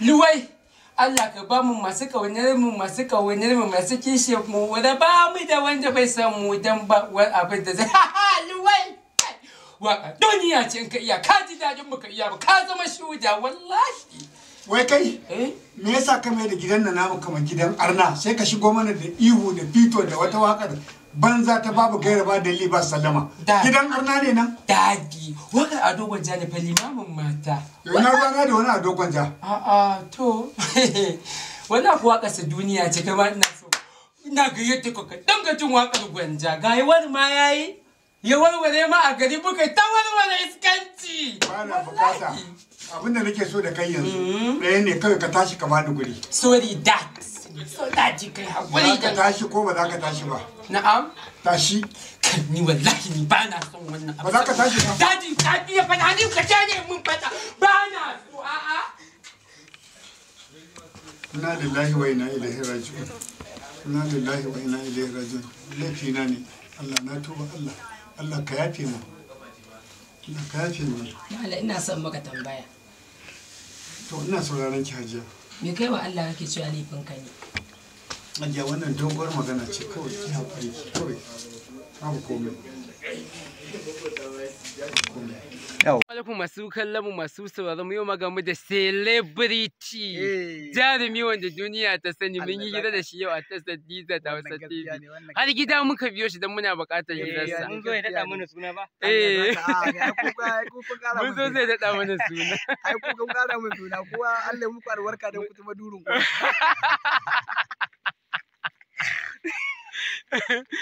luwai Allah ka ba mu masu kaunar mu masu kaunar mu masu kishe mu wanda ba mu da wanda bai san mu dan ba wani abin da zai luwai waka duniya ce in ka iya ka ji dadin mu ka iya ba ka zama shuda wallahi wai kai eh? me yasa ka mai da gidan nan namu kamar gidan arna sai ka shigo mana da ihu da fito da wata wakar banza ta babu gaira ba dalili ba sallama gidan arna ne nan dadi wani ado gwanja da fa limamin mata yana rana da wani ado gwanja a'a to wani waka kasa duniya ce kamar ina so ina ga yadda ka kaɗan gajin waƙar gwanja ga wani ma ya yi ya warware ma a gari muka ta warware iskanci ba na bukata abinda nake so da kai yanzu mm-hmm. ɗaya ne kawai ka tashi kama da guri sorry that Daji da tashi ko ba za ka tashi ba. Na'am? Tashi. Kan ni wallahi ni ba na son wannan abu. Ba za ka tashi ba. dadi ka iya fada ni ka ta ne mun fada Ba na so a Ina lillahi wa ina ilaihi raji'un. Ina lillahi wa ina ilaihi raji'un. Laifi na ne. Allah na tuba Allah. Allah ka yafe mu. Allah ka yafe mu. Mala ina son maka tambaya. To ina sauraron ki hajiya. me kai wa Allah kake cewa laifin finka ne ajiya wannan doguwar magana ce kawai ki haƙuri kawai abu komai alaku masu kallon mu masu sauraron yau magamu da celebrity eh. jarumi wanda duniya ta sani mun yi gida da shi yau a tasar Diza ta wasa TV har gida muka biyo shi don muna buƙatar eh, rasa mun zo ya daɗa mana suna ba eh ah, mun zo zai daɗa mana suna ai ku kun ƙara mana suna kowa Allah muku albarka don ku durin ku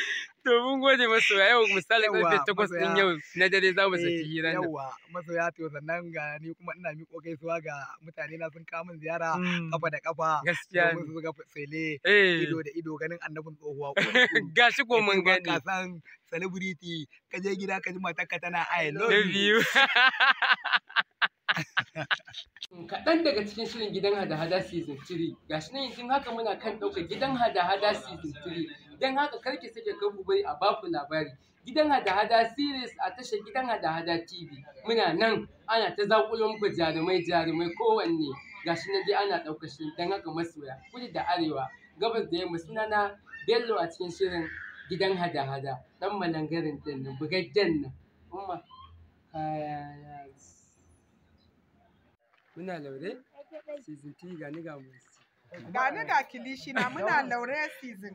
to mun gode masu yau misali karfe takwas din yau na dare za mu saki eh, hira nan yawa masu ya to sannan ga ni kuma ina miƙo gaisuwa ga mutane na sun kawo ziyara mm. kafa da kafa gaskiya Domin su ga sele eh. ido da ido ganin annabin tsohuwa gashi ko mun gani ka san celebrity ka je gida ka ji matarka tana i love you kaɗan daga cikin shirin gidan hada-hada season 3 gashi nan yanzu haka muna kan ɗauka gidan hada-hada season 3 don haka kar sake kar ku bari a baku labari gidan hada-hada series a tashar gidan hada-hada tv muna nan ana ta zakulo muku jarumai jarumai kowanne gashi na je ana ɗaukar shi don haka masoya kudu da arewa gabas da yamma sunana bello a cikin shirin gidan hada-hada ɗan malangarin ɗin nan bugaggen nan umma kaya muna laure season 3 ga ni ga mu ga ni ga kilishi na muna laure season